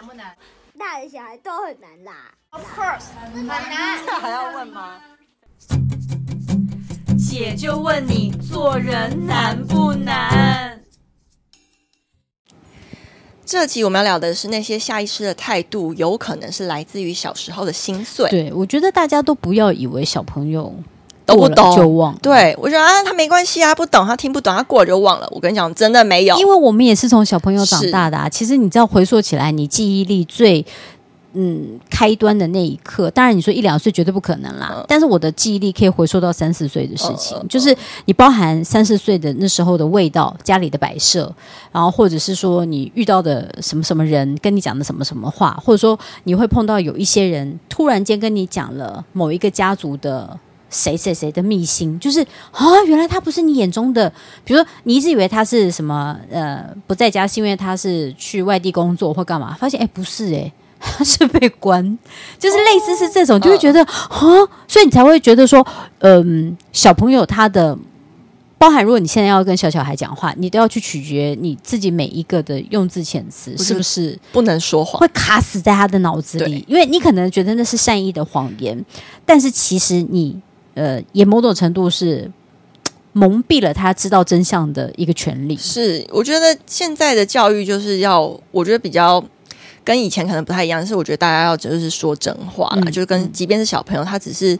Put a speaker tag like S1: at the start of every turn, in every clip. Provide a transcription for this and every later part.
S1: 難不難？
S2: 大人小孩都很難啦。Of course，難不難？還要問嗎？姐就問你做人難不難？這集我們要聊的是那些下意識的態度，有可能是來自於小時候的心碎。對，
S1: 我覺得大家都不要以為小朋友。都不懂，就忘。
S2: 對，我覺得啊，他沒關係啊，不懂，他聽不懂，他過了就忘了。我跟你講，真的沒有，因為
S1: 我們也是從小朋友長大的啊。啊。其實你知道，回溯起來，你記憶力最嗯開端的那一刻，當然你說一兩歲絕對不可能啦，嗯。但是我的記憶力可以回溯到三四歲的事情，嗯嗯嗯嗯，就是你包含三四歲的那時候的味道，家裡的擺設，然後或者是說你遇到的什麼什麼人跟你講的什麼什麼話，或者說你會碰到有一些人突然間跟你講了某一個家族的。誰誰誰的秘辛，就是啊，原來他不是你眼中的，比如說你一直以為他是什麼，呃，不在家是因為他是去外地工作或幹嘛，發現誒、欸，不是誒、欸，他是被關，就是類似是這種，哦、就會、是、覺得啊、哦，所以你才會覺得說，嗯、呃，小朋友他的包含，如果你現在要跟小小孩講話，你都要去取決你自己每一個的用字遣詞是不是不能說謊，會卡死在他的腦子裡，因為你可能覺得那是善意的謊言，但是其實你。呃，也某種程度是蒙蔽了他知道真相的一個權利。是，
S2: 我覺得現在的教育就是要，我覺得比較跟以前可能不太一樣，是我覺得大家要就是說真話啦，嗯、就是跟即便是小朋友，他只是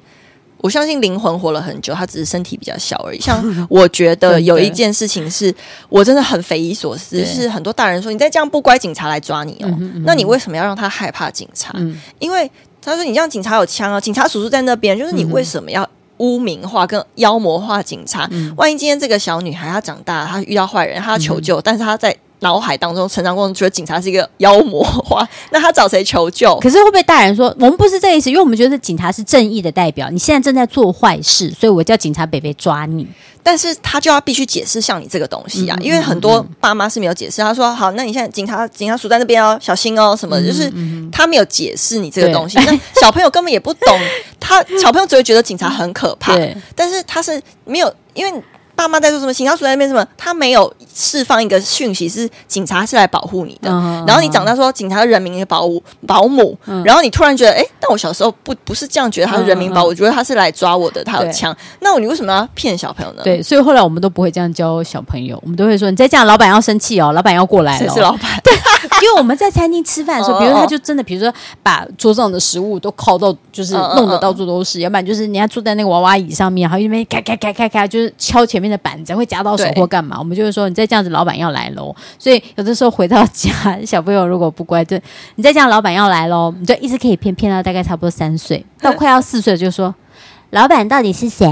S2: 我相信靈魂活了很久，他只是身體比較小而已。 像我覺得有一件事情是， 我真的很匪夷所思，是很多大人說，你再這樣不乖，警察來抓你哦。嗯哼嗯哼，那你為什麼要讓他害怕警察、嗯？因為他說你這樣警察有槍啊，警察叔叔在那邊，就是你為什麼要、嗯？汙名化跟妖魔化警察，萬一今天這個小女孩要她長大，她遇到壞人，她要求救，但是她在。腦海當中成長過程覺得警察是一個妖魔化，那他找誰求救？可是
S1: 會不會大人說我們不是這意思？因為我們覺得警察是正義的代表，你現在正在做壞事，所以我叫警察伯伯抓你。
S2: 但是他就要必須解釋像你這個東西啊，嗯、因為很多爸媽是沒有解釋、嗯嗯，他說好，那你現在警察警察署在那邊哦，小心哦什麼的、嗯嗯，就是他沒有解釋你這個東西，那小朋友根本也不懂， 他小朋友只會覺得警察很可怕，嗯、但是他是沒有因為。爸媽在做什麼？警察所在那邊什麼？他沒有釋放一個訊息，是警察是來保護你的。嗯、然後你長大說警察是人民的保保姆、嗯，然後你突然覺得，哎，但我小時候不不是這樣覺得，他是人民保、嗯，我覺得他是來抓我的，嗯、他有槍。那我你為什麼要騙小朋友呢？對，
S1: 所以後來我們都不會這樣教小朋友，我們都會說，你再這樣，老闆要生氣哦，老闆要過來了、哦，是老闆。對啊。因為我們在餐廳吃飯的時候，比如他就真的，比如說把桌上的食物都靠到，就是弄得到處都是；要不然就是人家坐在那個娃娃椅上面，然後一邊咔咔咔咔咔，就是敲前面的板子，會夾到手或幹嘛？我們就會說，你再這樣子，老闆要來咯！所以有的時候回到家，小朋友如果不乖，就你再這樣，老闆要來咯。你就一直可以騙，騙到大概差不多三歲，到快要四歲，就說 老闆到底是誰？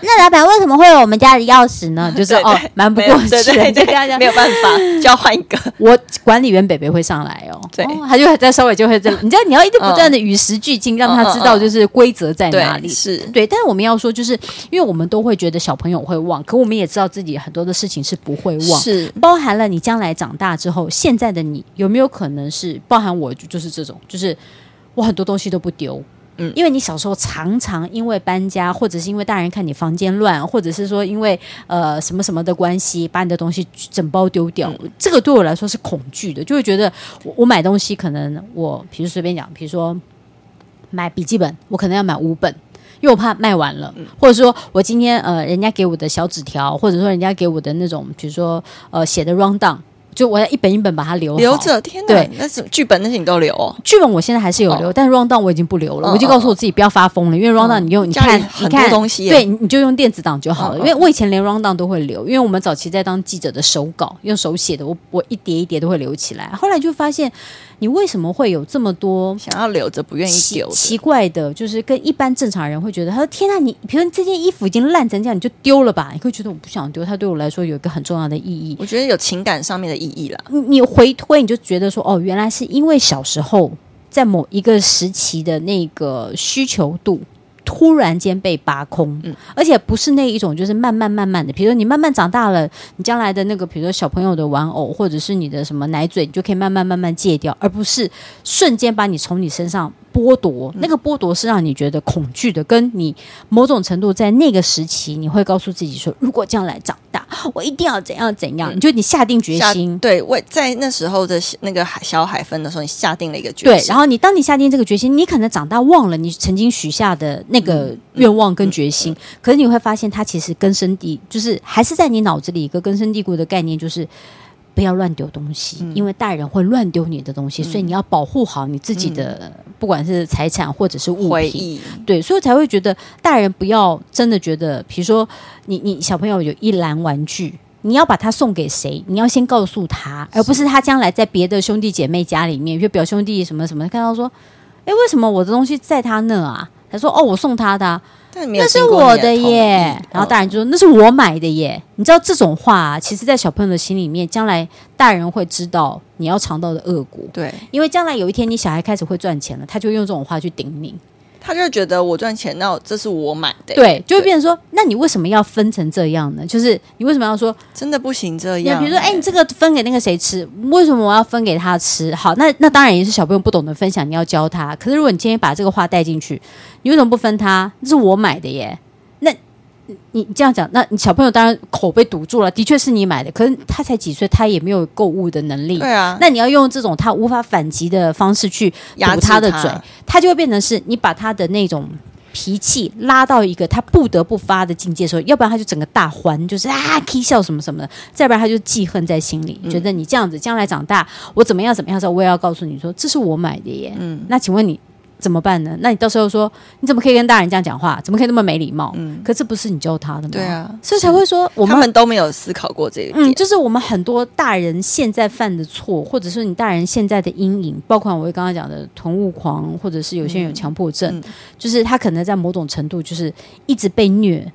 S1: 那老闆為什麼會有我們家的鑰匙呢？ 就是對對對哦，瞞不過去， 沒有辦法，
S2: 就要換一個。
S1: 我管理員北北會上來哦，對，哦、他就在稍微就會這樣。 你知道，你要一直不斷的與時俱進，哦，讓他知道就是規則在哪裡，哦哦、對是對。但是我們要說，就是因為我們都會覺得小朋友會忘，可我們也知道自己很多的事情是不會忘，是包含了你將來長大之後，現在的你有沒有可能是包含我？就就是這種，就是我很多東西都不丟。嗯，因為你小時候常常因為搬家，或者是因為大人看你房間亂，或者是說因為呃什麼什麼的關係，把你的東西整包丟掉，嗯、這個對我來說是恐懼的，就會覺得我我買東西可能我，比如隨便講，比如說買筆記本，我可能要買五本，因為我怕賣完了，嗯、或者說我今天呃人家給我的小紙條，或者說人家給我的那種，比如說呃寫的 run down。就我要一本一本把它留，留着，天吶。對，那
S2: 是劇本那些你都留？哦？
S1: 劇本我現在還是有留，哦、但是 rundown 我已經不留了。嗯、我就告訴我自己不要發瘋了，因為 rundown 你用、嗯、你看很多東西，對，你就用電子檔就好了。哦、因為我以前連 rundown 都會留，因為我們早期在當記者的手稿，用手寫的，我我一疊一疊都會留起來。後來就發現，你為什麼會有這麼多想要留着不願意丟的奇？奇怪的，就是跟一般正常人會覺得，他說：“天哪，你比如你這件衣服已經爛成這樣，你就丟了吧。”你會覺得我不想丟，它對我來說有一個很重要的意義。我覺得有情感上面的意義。你，你回推你就覺得說哦，原來是因為小時候在某一個時期的那個需求度突然間被拔空。嗯，而且不是那一種就是慢慢慢慢的，比如說你慢慢長大了，你將來的那個比如說小朋友的玩偶或者是你的什麼奶嘴，你就可以慢慢慢慢戒掉，而不是瞬間把你從你身上。剝奪，那個剝奪是讓你覺得恐懼的，跟你某種程度在那個時期，你會告訴自己說，如果將來長大，我一定要
S2: 怎樣怎樣。嗯、你就你下定決心，對，我在那時候的那個小海分的時候，你下定了一個決心。對，然
S1: 後你當你下定這個決心，你可能長大忘了你曾經許下的那個願望跟決心，嗯嗯嗯、可是你會發現，它其實根深蒂，就是還是在你腦子裡一個根深蒂固的概念，就是。不要亂丟東西，嗯，因為大人會亂丟你的東西，嗯、所以你要保護好你自己的，嗯、不管是財產或者是物品，對，所以才會覺得大人不要真的覺得，比如說你你小朋友有一籃玩具，你要把它送給誰？你要先告訴他，而不是他將來在別的兄弟姐妹家裡面，比如表兄弟什麼什麼，看到說，誒，為什麼我的東西在他那啊？他說：“哦，我送他的、啊但沒有，那是我的耶。”然後大人就說：“那是我買的耶。哦”你知道這種話、啊，其實，在小朋友的心裡面，將來大人會知道你要嘗到的惡果。對，因為將來有一天，你小孩開始會賺錢了，他就會用這種話去頂你。
S2: 他就覺得我賺錢，那這是我買的，對，
S1: 就會變成說，那你為什麼要分成這樣呢？就是你為什麼要說真
S2: 的不行這樣？比如說，哎、欸，欸、你
S1: 這個分給那個誰吃？為什麼我要分給他吃？好，那那當然也是小朋友不懂得分享，你要教他。可是如果你今天把這個話帶進去，你為什麼不分他？這是我買的耶，那。你這樣講，那你小朋友當然口，被堵住了，的確是你買的，可是，他才幾歲，他也沒有購物的能力。對啊，那你要用這種他無法反擊的方式去堵他的嘴，他，他就會變成是你把他的那種脾氣拉到一個他不得不發的境界的時候，要不然他就整個大環，就是啊啼笑什麼什麼的，再不然他就記恨在心裡，嗯、覺得你這樣子，將來長大我怎麼樣怎麼樣，我我也要告訴你說，這是我買的耶。嗯，那請問你。怎麼辦呢？那你到時候說你怎麼可以跟大人這樣講話？怎麼可以那麼沒禮貌？嗯，可這不是你教他的嗎？對啊，所以才會說我們，他們
S2: 都沒有思考過這
S1: 一點。嗯，就是我們很多大人現在犯的錯，或者是你大人現在的陰影，包括我剛剛講的囤物狂，或者是有些人有強迫症，嗯，就是他可能在某種程度就是一直被虐。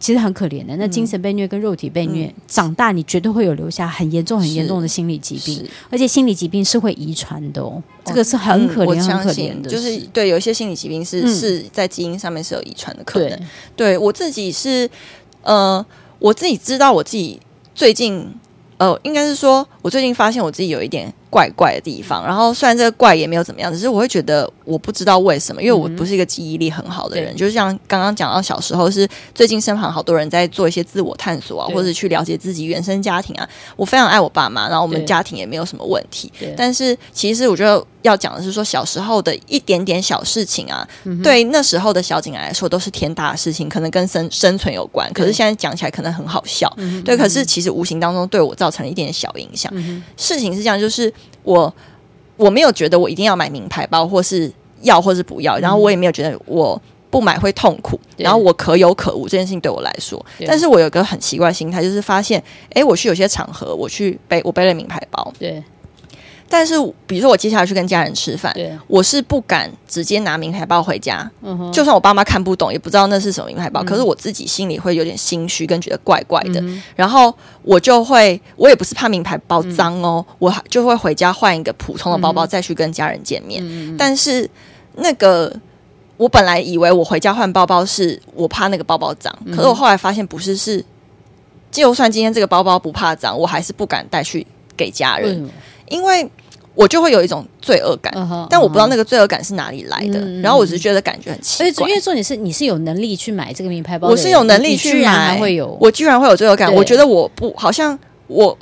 S1: 其實很可憐的，那精神被虐跟肉體被虐，嗯、長大你絕對會有留下很嚴重、很嚴重的心理疾病，而且心理疾病是會遺傳的哦，哦，這個是很可憐，嗯、我相信，很可憐的是就是
S2: 對，有一些心理疾病是、嗯、是在基因上面是有遺傳的可能。對，對我自己是，呃，我自己知道，我自己最近，呃，應該是說我最近發現我自己有一點。怪怪的地方，然後雖然這個怪也沒有怎麼樣，只是我會覺得我不知道為什麼，因為我不是一個記憶力很好的人。嗯、就像剛剛講到小時候是，是最近身旁好多人在做一些自我探索啊，或者去了解自己原生家庭啊。我非常愛我爸媽，然後我們家庭也沒有什麼問題。但是其實我覺得要講的是說，小時候的一點點小事情啊，嗯、對那時候的小景來說都是天大的事情，可能跟生生存有關。可是現在講起來可能很好笑嗯哼嗯哼，對。可是其實無形當中對我造成了一點小影響。嗯、事情是這樣，就是。我我沒有覺得我一定要買名牌包，或是要，或是不要。嗯。然後我也沒有覺得我不買會痛苦。Yeah. 然後我可有可無這件事情對我來說，yeah. 但是我有一個很奇怪心態，就是發現，誒、欸，我去有些場合，我去背，我背了名牌包。對。yeah. 但是，比如說我接下來去跟家人吃飯，啊，我是不敢直接拿名牌包回家。嗯。就算我爸媽看不懂，也不知道那是什麼名牌包，嗯，可是我自己心裡會有點心虛，跟覺得怪怪的。嗯。然後我就會，我也不是怕名牌包髒哦，嗯，我就會回家換一個普通的包包，嗯，再去跟家人見面。嗯，但是那個，我本來以為我回家換包包是我怕那個包包髒，嗯，可是我後來發現不是，是，是就算今天這個包包不怕髒，我還是不敢帶去給家人。嗯嗯因為我就會有一種罪惡
S1: 感，uh -huh, uh -huh. 但我不知道那個罪惡感是哪裡來的。Uh -huh. 然後我只是覺得感覺很奇怪，嗯嗯、因為重點是你是有能力去買這個名牌包，我是有能力去買，居我
S2: 居然會有罪惡感。我覺得我不好像我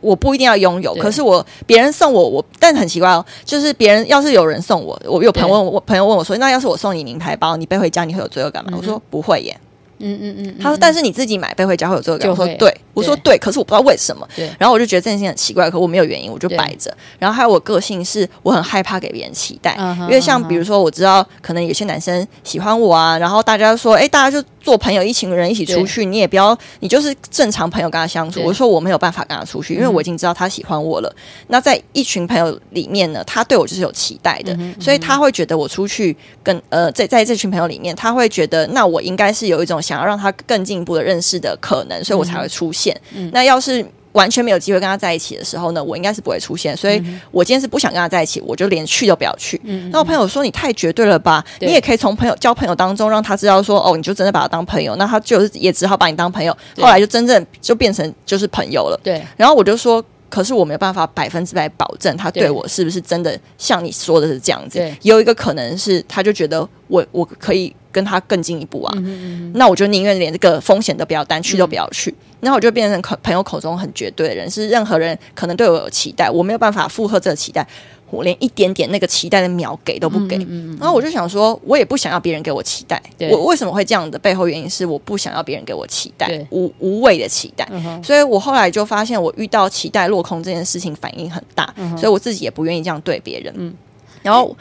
S2: 我不一定要擁有，可是我別人送我，我但很奇怪哦，就是別人要是有人送我，我有朋友問我我朋友問我說，那要是我送你名牌包，你背回家你會有罪惡感嗎？嗯、我說不會耶，嗯嗯
S1: 嗯,嗯,嗯，他說但
S2: 是你自己買背回家會有罪惡感，我說對。我說對，對，可是我不知道為什麼。對，然後我就覺得這件事情很奇怪，可我沒有原因，我就擺着。然後還有我個性是我很害怕給別人期待，uh -huh, 因為像比如說我知道、uh -huh. 可能有些男生喜歡我啊，然後大家說哎，大家就做朋友，一群人一起出去，你也不要，你就是正常朋友跟他相處。我就說我沒有辦法跟他出去，因為我已經知道他喜歡我了。Mm -hmm. 那在一群朋友裡面呢，他對我就是有期待的，mm -hmm, 所以他會覺得我出去跟呃在在這群朋友裡面，他會覺得那我應該是有一種想要讓他更進一步的認識的可能，所以我才會出現。Mm -hmm. 嗯、那要是完全沒有機會跟他在一起的時候呢？我應該是不會出現，所以我今天是不想跟他在一起，我就連去都不要去。那、嗯嗯嗯、我朋友說你太絕對了吧？你也可以從朋友交朋友當中讓他知道說哦，你就真的把他當朋友，那他就是也只好把你當朋友。後來就真正就變成就是朋友了。對，然後我就說，可是我沒有辦法百分之百保證他對我是不是真的像你說的是這樣子。有一個可能是，他就覺得我我可以。跟他更進一步啊？嗯哼嗯哼，那我就寧願連這個風險都不要擔，去都不要去。嗯、然後我就變成朋友口中很絕對的人。是任何人可能對我有期待，我沒有辦法負荷這個期待，我連一點點那個期待的秒給都不給。嗯嗯嗯嗯，然後我就想說，我也不想要別人給我期待。我為什麼會這樣的背後原因是，我不想要別人給我期待，無無謂的期待、嗯。所以我後來就發現，我遇到期待落空這件事情反應很大，嗯、所以我自己也不願意這樣對別人、
S1: 嗯。然後。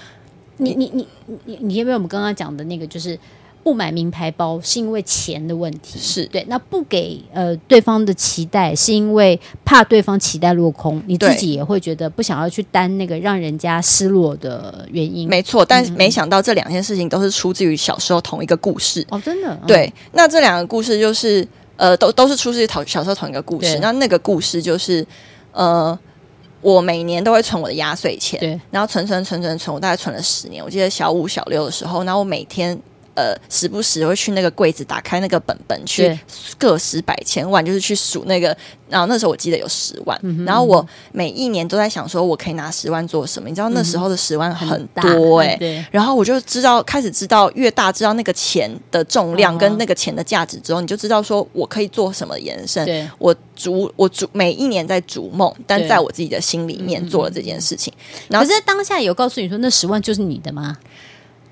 S1: 你你你你你，因為我們剛剛講的那個，就是不買名牌包是因為錢的問題，是對。那不給呃對方的期待，是因為怕對方期待落空，你自己也會覺得不想要去擔那個讓人家失落
S2: 的原因。沒錯，但是沒想到這兩件事情都是出自於小時候同一個故事。哦，
S1: 真的。對，
S2: 那這兩個故事就是呃，都都是出自於同小時候同一個故事。那那個故事就是呃。我每年都會存我的壓歲錢，然後存存存存存，我大概存了十年。我記得小五、小六的時候，然後我每天。呃，時不時會去那個櫃子打開那個本本去個十百千萬，就是去數那個。然後那時候我記得有十萬，嗯、然後我每一年都在想，說我可以拿十萬做什麼、嗯？你知道那時候的十萬很多哎、欸。然後我就知道，開始知道越大，知道那個錢的重量跟那個錢的價值之後啊啊，你就知道說我可以做什麼延伸。對我逐我逐每一年在逐夢，但在我自己的心裡面做了這件事情。嗯、然後是在當下有告訴你說那十萬就是你的嗎？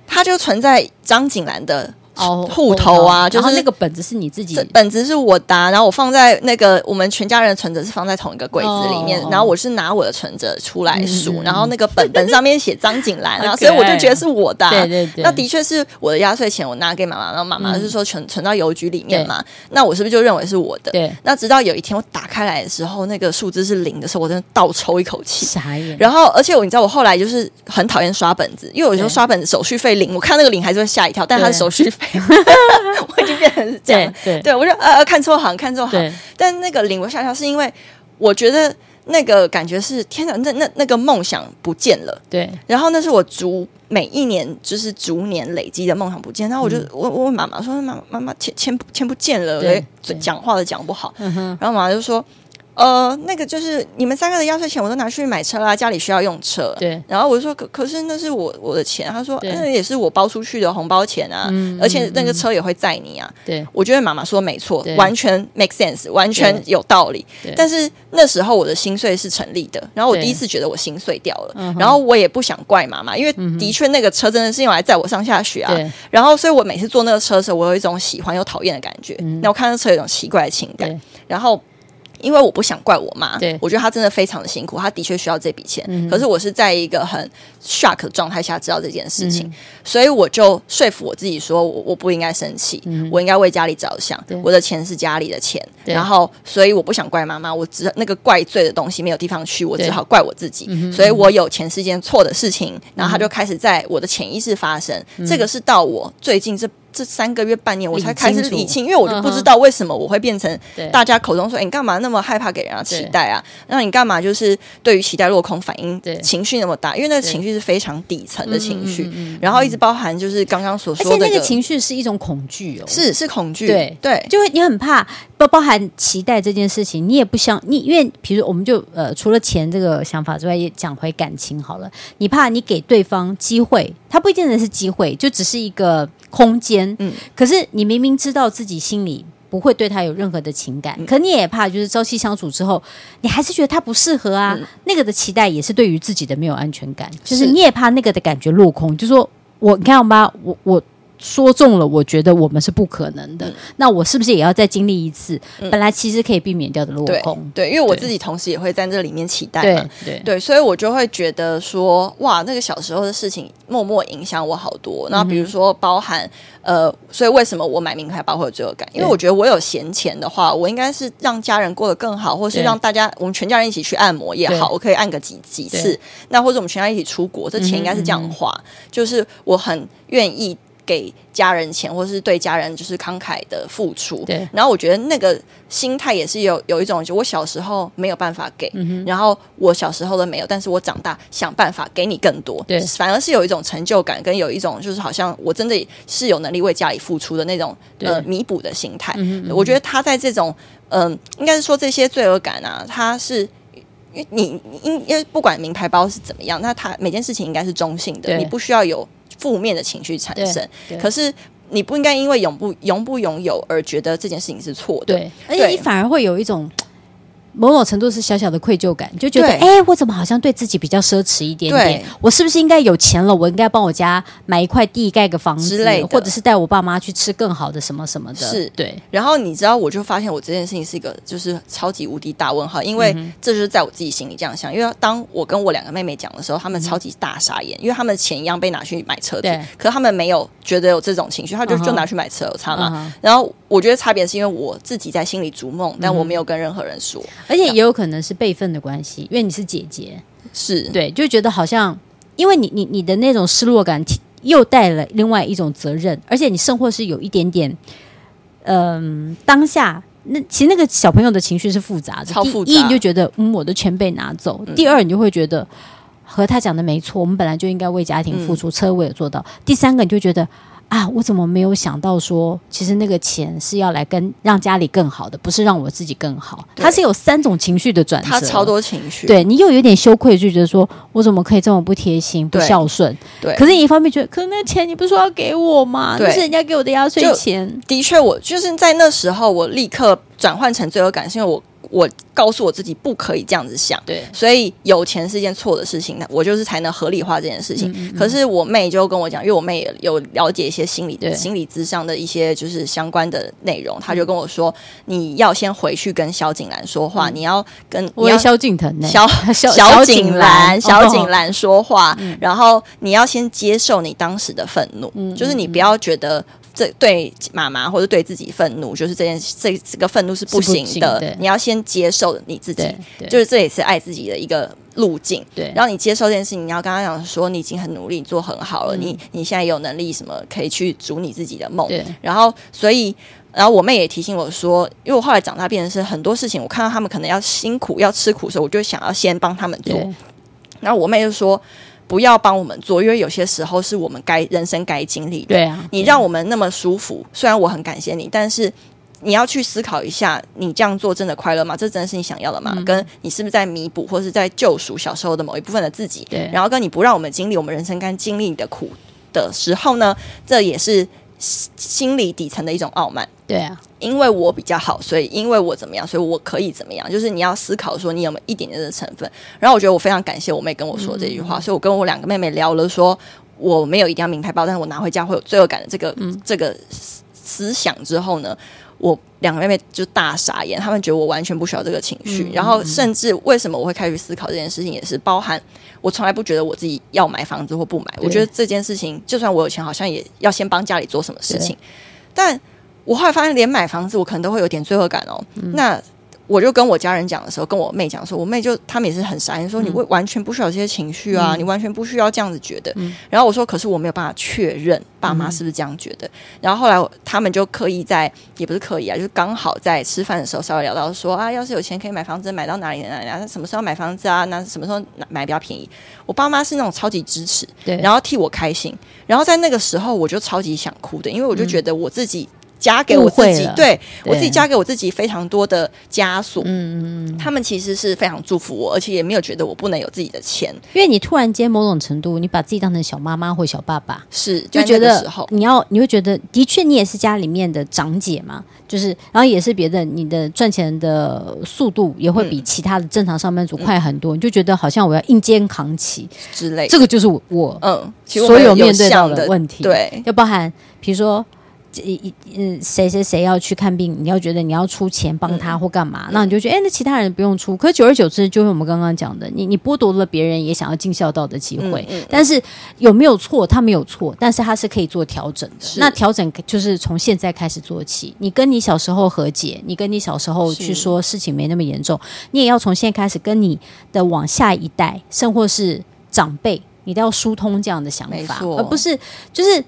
S2: 它就存在張景蘭的。戶頭啊，哦哦哦，就是那個
S1: 本子是你自己，
S2: 本子是我的，啊，然後我放在那個我們全家人的存摺是放在同一個櫃子裡面，哦，然後我是拿我的存摺出來數、嗯，然後那個本本上面寫張景蘭、啊，然 後所以我就覺得是我的，啊，okay, 那的確是我的壓歲錢，我拿給媽媽對對對，然後媽媽是說存、嗯、存到郵局裡面嘛，那我是不是就認為是我的對？那直到有一天我打開來的時候，那個數字是零的時候，我真的倒抽一口氣，傻眼。然後而且我你知道我後來就是很討厭刷本子，因為有時候刷本子手續費零。我看那個零還是會嚇一跳，但他的手續費。 我已經變成這樣了，對，對，對。我說呃看錯行，看錯行。但那個領我下跳是因為我覺得那個感覺是天哪，那那那個夢想不見了。對，然後那是我逐每一年就是逐年累積的夢想不見，然後我就、嗯、我我問媽媽說，媽媽媽錢錢錢不見了，講話都講不好。嗯、然後媽媽就說。呃，那個就是你們三個的壓歲錢，我都拿去買車啦、啊。家裡需要用車，對。然後我就說可可是那是我我的錢，他說那、欸、也是我包出去的紅包錢啊，嗯、而且那個車也會載你啊，對。我覺得媽媽說沒錯，完全 make sense，完全有道理。對。但是那時候我的心碎是成立的，然後我第一次覺得我心碎掉了，然後我也不想怪媽媽，因為的確那個車真的是用來載我上下學啊。然後，所以我每次坐那個車的時候，我有一種喜歡又討厭的感覺。那、嗯、我看那車有一種奇怪的情感，然後。因為我不想怪我媽，對，我覺得她真的非常的辛苦，她的確需要這筆錢。嗯、可是我是在一個很 shock 的狀態下知道這件事情、嗯，所以我就說服我自己說我，我我不應該生氣、嗯，我應該為家裡着想，我的錢是家裡的錢。然後，所以我不想怪媽媽，我只那個怪罪的東西沒有地方去，我只好怪我自己。所以我有錢是件錯的事情，嗯、然後它就開始在我的潛意識發生。嗯、這個是到我最近這。這三個月半年，我才開始理清，理清，因為我就不知道為什麼我會變成大家口中說：“哎，你幹嘛那麼害怕給人家期待啊？那你幹嘛就是對於期待落空反應情緒那麼大？因為那個情緒是非常底層的情緒，然後一直包含就是剛剛所說的，而且那個情
S1: 緒是一種恐懼哦，是是恐懼，對對，就會你很怕包包含期待這件事情，你也不想你，因為比如我們就呃除了錢這個想法之外，也講回感情好了，你怕你給對方機會。它不一定能是機會，就只是一個空間、嗯。可是你明明知道自己心裡不會對他有任何的情感，嗯、可你也怕，就是朝夕相處之後，你還是覺得他不適合啊、嗯。那個的期待也是對於自己的沒有安全感、嗯，就是你也怕那個的感覺落空，就是、空。就說我，你看我媽，我我。說中了，我覺得我們是不可能的、嗯。那我是不是也要再經歷一次？嗯、本來其實可以避免掉的落空對。對，
S2: 因為我自己同時也會在這裡面期待嘛對。對，對，所以我就會覺得說，哇，那個小時候的事情默默影響我好多。那、嗯、比如說，包含呃，所以為什麼我買名牌包會有罪惡感？因為我覺得我有閒錢的話，我應該是讓家人過得更好，或是讓大家我們全家人一起去按摩也好，我可以按個幾幾次。那或者我們全家人一起出國，這錢應該是這樣花。嗯、哼哼就是我很願意。給家人錢，或是對家人就是慷慨的付出。對。然後我覺得那個心態也是有有一種，就我小時候沒有辦法給，嗯，然後我小時候都沒有，但是我長大想辦法給你更多。對。反而是有一種成就感，跟有一種就是好像我真的是有能力為家裡付出的那種呃彌補的心態。嗯哼嗯哼。我覺得他在這種嗯、呃，應該是說這些罪惡感啊，他是因為你，因為不管名牌包是怎麼樣，那他每件事情應該是中性的，你不需要有負面的情緒產生，可是你不應該因為永不、永不擁有而覺得這件事情是錯的，對，而且對，你反
S1: 而會有一種。某種程度是小小的愧疚感，就覺得哎，我怎麼好像對自己比較奢侈一點點？我是不是應該有錢了？我應該幫我家買一塊地蓋個房子之類，或者是帶我爸媽去吃更好的什麼什麼的？是，對。
S2: 然後你知道，我就發現我這件事情是一個就是超級無敵大問號，因為這就是在我自己心裡這樣想。嗯、因為當我跟我兩個妹妹講的時候，他們超級大傻眼，嗯、因為他們的錢一樣被拿去買車，對。可是他們沒有覺得有這種情緒，他就、嗯、就拿去買車了、嗯。然後我覺得差別是因為我自己在心裡逐夢，但我沒有跟任何人說。
S1: 而且也有可能是輩分的關係，因為你是姐姐，是對，就覺得好像因為你你你的那種失落感，又帶了另外一種責任。而且你生活是有一點點，嗯、呃，當下那其實那個小朋友的情緒是複雜的，超複雜。第一你就覺得、嗯、我的錢被拿走、嗯，第二你就會覺得和他講的沒錯，我們本來就應該為家庭付出，嗯、車我也做到、嗯，第三個你就覺得。啊，我怎麼沒有想到說，其實那個錢是要來跟讓家裡更好的，不是讓我自己更好。他是有三種情緒的轉折，他超多情緒。對你又有點羞愧，就覺得說我怎麼可以這麼不貼心、不孝順？對，可是你一方面覺得，可是那錢你不是說要給我嗎？那是人家給我的壓歲錢。
S2: 的確我，我就是在那時候，我立刻轉換成罪惡感，是因為我。我告訴我自己不可以這樣子想，對，所以有錢是一件錯的事情，我就是才能合理化這件事情。嗯嗯、可是我妹就跟我講，因為我妹也有了解一些心理、心理諮商的一些就是相關的內容，她就跟我說，嗯、你要先回去跟小景蘭說話、嗯，你要跟你要我要蕭敬騰、欸，小小景蘭，小景蘭說話、哦，然後你要先接受你當時的憤怒、嗯，就是你不要覺得。這對媽媽或者對自己憤怒，就是這件事這這個憤怒是不行的。你要先接受你自己，就是這也是愛自己的一個路徑。對，然後你接受這件事情，你要跟他講說你已經很努力，你做很好了，嗯、你你現在有能力什麼可以去築你自己的夢。然後所以，然後我妹也提醒我說，因為我後來長大變成是很多事情，我看到他們可能要辛苦要吃苦的時候，我就想要先幫他們做。然後我妹就說。不要幫我們做，因為有些時候是我們該人生該經歷的。對啊，你讓我們那麼舒服，雖然我很感謝你，但是你要去思考一下，你這樣做真的快樂嗎？這真的是你想要的嗎？嗯、跟你是不是在彌補，或是在救贖小時候的某一部分的自己？對，然後跟你不讓我們經歷我們人生該經歷的苦的時候呢，這也是心理底層的一種傲慢，對啊，因為我比較好，所以因為我怎麼樣，所以我可以怎麼樣？就是你要思考說，你有沒有一點點的成分？然後我覺得我非常感謝我妹跟我說這句話嗯嗯嗯，所以我跟我兩個妹妹聊了說，我沒有一定要名牌包，但是我拿回家會有罪惡感的這個、嗯、這個思想之後呢，我兩個妹妹就大傻眼，他們覺得我完全不需要這個情緒、嗯嗯嗯，然後甚至為什麼我會開始思考這件事情，也是包含。我從來不覺得我自己要買房子或不買，我覺得這件事情，就算我有錢，好像也要先幫家裡做什麼事情。但我後來發現，連買房子我可能都會有點罪惡感哦。嗯、那。我就跟我家人講的時候，跟我妹講說，我妹就他們也是很傻，說你完全不需要這些情緒啊、嗯，你完全不需要這樣子覺得、嗯。然後我說，可是我沒有辦法確認爸媽是不是這樣覺得。嗯、然後後來他們就刻意在，也不是刻意啊，就是、剛好在吃飯的時候稍微聊到說啊，要是有錢可以買房子，買到哪裡哪裡，啊，什麼時候買房子啊？那什麼時候買比較便宜？我爸媽是那種超級支持，然後替我開心。然後在那個時候，我就超級想哭的，因為我就覺得我自己。嗯加給我自己，對，對我自己加給我自己非常多的枷鎖。嗯嗯，他們其實是非常祝福我，而且也沒有覺得我不能有自己的錢。
S1: 因為你突然間某種程度，你把自己當成小媽媽或小爸爸，是就覺得你要，你會覺得，的確你也是家裡面的長姐嘛，就是，然後也是別的，你的賺錢的速度也會比其他的正常上班族快很多。嗯，你就覺得好像我要硬肩扛起之類的，這個就是我，嗯我，所有面對到的問題，對，要包含，比如說。嗯，誰誰誰要去看病，你要覺得你要出錢幫他或幹嘛，嗯、那你就覺得哎、欸，那其他人不用出。可久而久之，就是我們剛剛講的，你你剝奪了別人也想要盡孝道的機會。嗯嗯嗯、但是有沒有錯？他沒有錯，但是他是可以做調整的。那調整就是從現在開始做起。你跟你小時候和解，你跟你小時候去說事情沒那麼嚴重，你也要從現在開始跟你的往下一代，甚或是長輩，你都要疏通這樣的想法，而不是就是。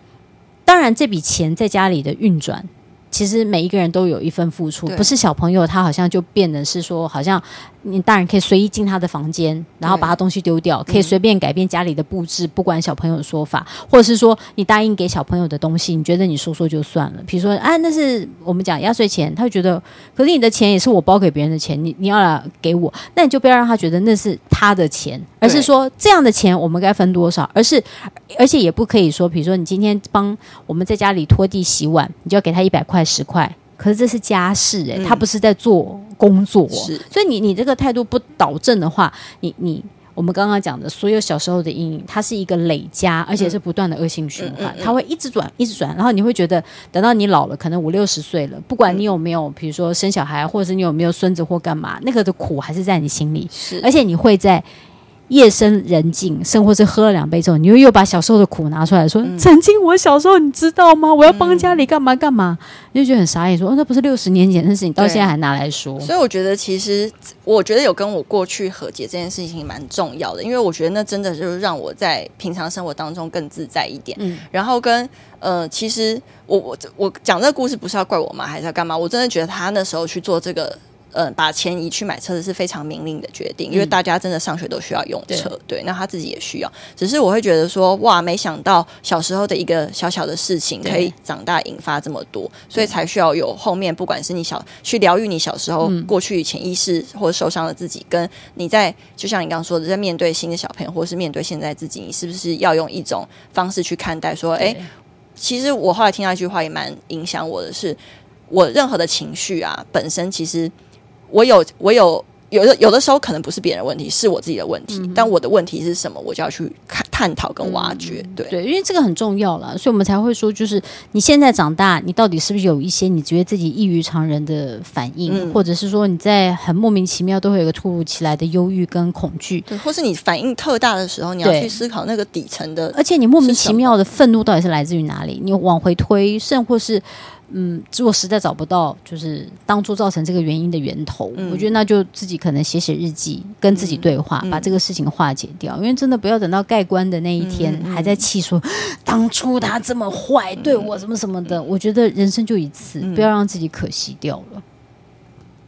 S1: 當然，這筆錢在家裡的運轉，其實每一個人都有一份付出，不是小朋友，他好像就變得是說好像。你大人可以隨意進他的房間，然後把他東西丟掉，可以隨便改變家裡的布置、嗯，不管小朋友的說法，或者是說你答應給小朋友的東西，你覺得你說說就算了。比如說，啊，那是我們講壓歲錢，他會覺得，可是你的錢也是我包給別人的錢，你你要來給我，那你就不要讓他覺得那是他的錢，而是說這樣的錢我們該分多少，而是而且也不可以說，比如說你今天幫我們在家裡拖地、洗碗，你就要給他一百塊、十塊。可是這是家事誒、欸嗯，他不是在做工作，是，所以你你這個態度不導正的話，你你我們剛剛講的所有小時候的陰影，它是一個累加，而且是不斷的惡性循環，嗯、它會一直轉一直轉，然後你會覺得等到你老了，可能五六十歲了，不管你有沒有，嗯、比如說生小孩，或者是你有沒有孫子或幹嘛，那個的苦還是在你心裡，是，而且你會在。夜深人靜，甚至是喝了兩杯之後，你又又把小時候的苦拿出來說。曾、嗯、經我小時候，你知道嗎？我要幫家裡幹嘛、嗯、幹嘛，你就覺得很傻眼，說、哦、那不是六十年前的事情，到現在還拿來說。所以
S2: 我覺得，其實我覺得有跟我過去和解這件事情蠻重要的，因為我覺得那真的就是讓我在平常生活當中更自在一點。嗯，然後跟呃，其實我我我講這個故事，不是要怪我媽，還是要幹嘛？我真的覺得她那時候去做這個。嗯，把錢移去買車的是非常明令的決定，因為大家真的上學都需要用車，嗯，對，對。那他自己也需要。只是我會覺得說，哇，沒想到小時候的一個小小的事情，可以長大引發這麼多，所以才需要有後面，不管是你小去療癒你小時候過去潛意識或受傷的自己，嗯、跟你在就像你剛剛說的，在面對新的小朋友，或是面對現在自己，你是不是要用一種方式去看待？說，哎、欸，其實我後來聽到一句話也蠻影響我的，是我任何的情緒啊，本身其實。我有，我有，有的有的時候可能不是別人的問題，是我自己的問題、嗯。但我的問題是什麼，我就要去探探討跟挖
S1: 掘。嗯、對對，因為這個很重要了，所以我們才會說，就是你現在長大，你到底是不是有一些你覺得自己異於常人的反應，嗯、或者是說你在很莫名其妙都會有一個突如其來的憂鬱跟恐懼，對、
S2: 嗯，或是你反應特大的時候，你要去思考那個底層的，
S1: 而且你莫名其妙的憤怒到底是來自於哪裡？你往回推，甚或是。嗯，如果實在找不到，就是當初造成這個原因的源頭，嗯、我覺得那就自己可能寫寫日記，跟自己對話、嗯，把這個事情化解掉。嗯、因為真的不要等到蓋棺的那一天、嗯嗯、還在氣，說、嗯、當初他這麼壞、嗯、對我什麼什麼的、嗯。我覺得人生就一次、嗯，不要讓自己可惜掉了。